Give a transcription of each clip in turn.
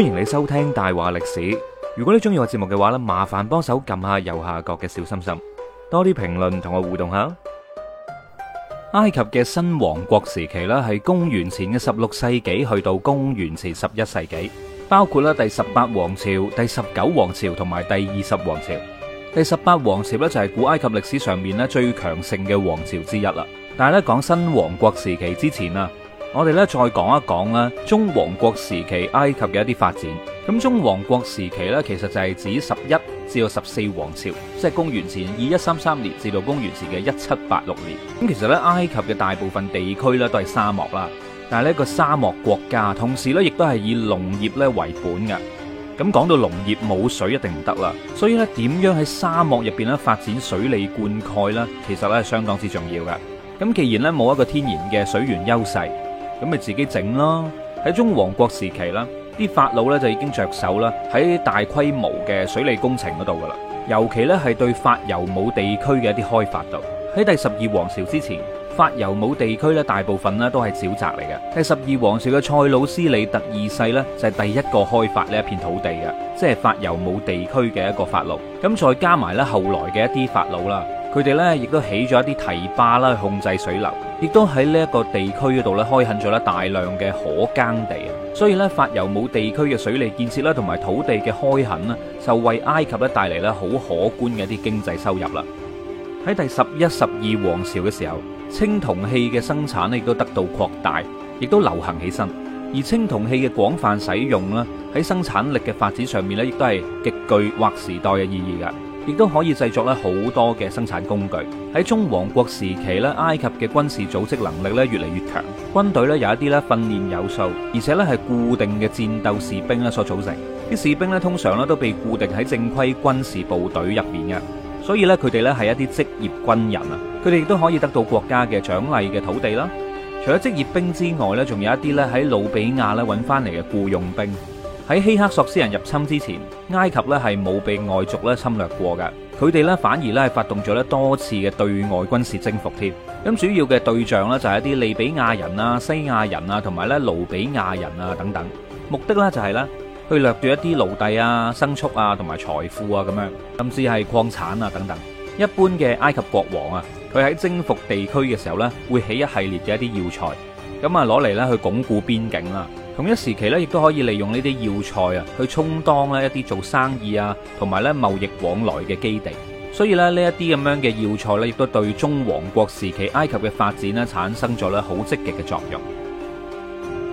歡迎你收聽大話歷史。如果你中意我節目嘅話咧，麻煩幫手撳下右下角嘅小心心，多啲評論同我互動下。埃及嘅新王國時期咧，係公元前嘅十六世紀去到公元前十一世紀，包括咧第十八王朝、第十九王朝同埋第二十王朝。第十八王朝呢，就係古埃及歷史上面呢最強盛嘅王朝之一啦。但係呢，講新王國時期之前啊。我哋咧再講一講啦，中王國時期埃及嘅一啲發展。咁中王國時期咧，其實就係指十一至到十四王朝，即係公元前二一三三年至到公元前嘅一七八六年。咁其實咧，埃及嘅大部分地區咧都係沙漠啦。但係呢個沙漠國家，同時咧亦都係以農業咧為本嘅。咁講到農業，冇水一定唔得啦。所以咧，點樣喺沙漠入邊咧發展水利灌溉呢？其實咧係相當之重要嘅。咁既然咧冇一個天然嘅水源優勢。咁咪自己整咯。喺中王國時期啦，啲法老呢就已經着手啦，喺大規模嘅水利工程嗰度噶啦。尤其呢，係對法尤姆地區嘅一啲開發度。喺第十二王朝之前，法尤姆地區呢大部分都係沼澤嚟嘅。第十二王朝嘅塞努斯里特二世呢，就係第一個開發呢一片土地嘅，即係法尤姆地區嘅一個法老。咁再加埋呢後來嘅一啲法老啦。佢哋呢亦都起咗一啲堤壩啦，去控制水流；亦都喺呢一個地區嗰度咧開墾咗咧大量嘅可耕地啊。所以呢，法尤姆地區嘅水利建設啦，同埋土地嘅開墾呢，就為埃及咧帶嚟咧好可觀嘅一啲經濟收入啦。喺第十一、十二王朝嘅時候，青銅器嘅生產呢亦都得到擴大，亦都流行起身。而青銅器嘅廣泛使用咧，喺生產力嘅發展上面呢，亦都係極具劃時代嘅意義噶。亦都可以製作咧好多嘅生產工具。喺中王國時期咧，埃及嘅軍事組織能力咧越嚟越強，軍隊咧有一啲咧訓練有素，而且咧係固定嘅戰鬥士兵咧所組成。啲士兵咧通常咧都被固定喺正規軍事部隊入面嘅，所以咧佢哋咧係一啲職業軍人啊。佢哋亦都可以得到國家嘅獎勵嘅土地啦。除咗職業兵之外咧，仲有一啲咧喺努比亞揾翻嚟嘅雇傭兵。喺希克索斯人入侵之前，埃及咧係冇被外族咧侵略過嘅，佢哋咧反而咧發動咗咧多次嘅對外軍事征服添。咁主要嘅對象咧就係一啲利比亞人啊、西亞人啊，同埋咧努比亞人啊等等。目的咧就係咧去掠奪一啲奴隸啊、牲畜啊，同埋財富啊咁樣，甚至係礦產啊等等。一般嘅埃及國王啊，佢喺征服地區嘅時候咧，會起一系列嘅一啲要塞，咁啊攞嚟咧去鞏固邊境啦。同一時期咧，亦都可以利用呢啲要塞啊，去充當咧一啲做生意啊，同埋咧貿易往來嘅基地。所以咧，呢一啲咁樣嘅要塞呢，亦都對中王國時期埃及嘅發展咧產生咗咧好積極嘅作用。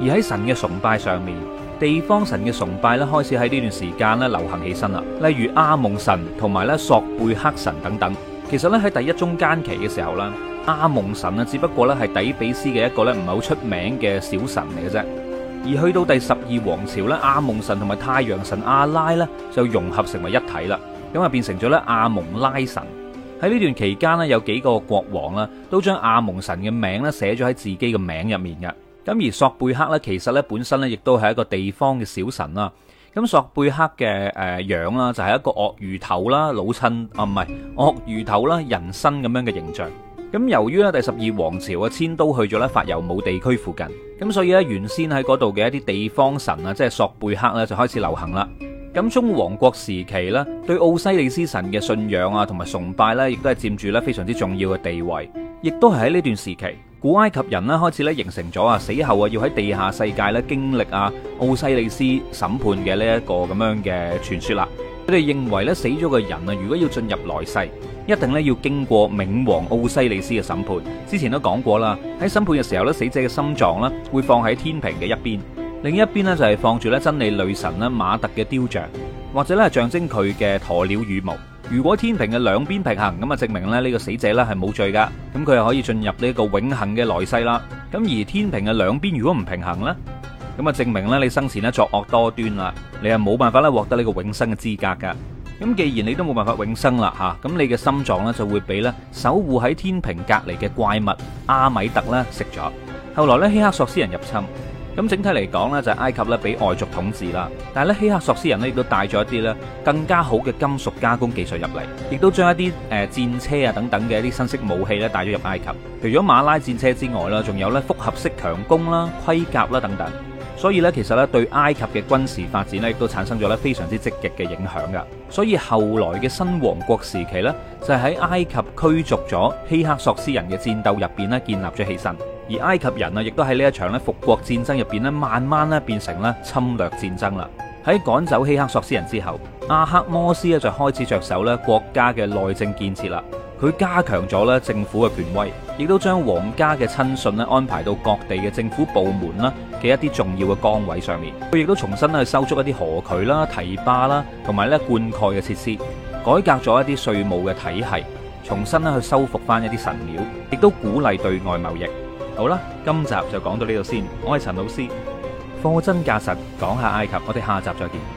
而喺神嘅崇拜上面，地方神嘅崇拜咧開始喺呢段時間咧流行起身啦。例如阿蒙神同埋咧索貝克神等等。其實呢，喺第一中間期嘅時候呢，阿蒙神啊，只不過咧係底比斯嘅一個咧唔係好出名嘅小神嚟嘅啫。而去到第十二王朝咧，阿蒙神同埋太陽神阿拉咧就融合成為一體啦，咁啊變成咗咧阿蒙拉神。喺呢段期間呢，有幾個國王啦，都將阿蒙神嘅名咧寫咗喺自己嘅名入面嘅。咁而索貝克咧，其實咧本身咧亦都係一個地方嘅小神啦。咁索貝克嘅誒樣啦，就係一個鱷魚頭啦，老襯啊唔係鱷魚頭啦，人身咁樣嘅形象。咁由於咧第十二王朝嘅遷都去咗咧法尤姆地區附近，咁所以咧原先喺嗰度嘅一啲地方神啊，即係索貝克咧，就開始流行啦。咁中王國時期咧，對奧西利斯神嘅信仰啊，同埋崇拜咧，亦都係佔住咧非常之重要嘅地位，亦都係喺呢段時期，古埃及人呢開始咧形成咗啊，死後啊要喺地下世界咧經歷啊奧西利斯審判嘅呢一個咁樣嘅傳說啦。佢哋認為咧死咗嘅人啊，如果要進入來世。一定咧要經過冥王奧西里斯嘅審判。之前都講過啦，喺審判嘅時候咧，死者嘅心臟咧會放喺天平嘅一邊，另一邊咧就係放住咧真理女神咧馬特嘅雕像，或者咧係象徵佢嘅鴕鳥羽毛。如果天平嘅兩邊平衡，咁啊證明咧呢個死者咧係冇罪噶，咁佢係可以進入呢一個永恆嘅來世啦。咁而天平嘅兩邊如果唔平衡咧，咁啊證明咧你生前咧作惡多端啦，你係冇辦法咧獲得呢個永生嘅資格噶。咁既然你都冇辦法永生啦，吓，咁你嘅心臟咧就會俾呢守護喺天平隔籬嘅怪物阿米特咧食咗。後來呢，希克索斯人入侵，咁整體嚟講呢，就係埃及呢俾外族統治啦。但係咧希克索斯人呢亦都帶咗一啲呢更加好嘅金屬加工技術入嚟，亦都將一啲誒戰車啊等等嘅一啲新式武器呢帶咗入埃及。除咗馬拉戰車之外呢，仲有呢複合式強弓啦、盔甲啦等等。所以咧，其實咧，對埃及嘅軍事發展呢，亦都產生咗咧非常之積極嘅影響噶。所以後來嘅新王國時期呢，就喺埃及驅逐咗希克索斯人嘅戰鬥入邊咧，建立咗起身。而埃及人啊，亦都喺呢一場咧復國戰爭入邊咧，慢慢咧變成咧侵略戰爭啦。喺趕走希克索斯人之後，阿克摩斯呢，就開始着手咧國家嘅內政建設啦。佢加強咗咧政府嘅權威，亦都將皇家嘅親信咧安排到各地嘅政府部門啦嘅一啲重要嘅崗位上面。佢亦都重新咧去修築一啲河渠啦、堤壩啦，同埋咧灌溉嘅設施，改革咗一啲稅務嘅體系，重新咧去修復翻一啲神廟，亦都鼓勵對外貿易。好啦，今集就講到呢度先。我係陳老師，貨真價實，講下埃及。我哋下集再見。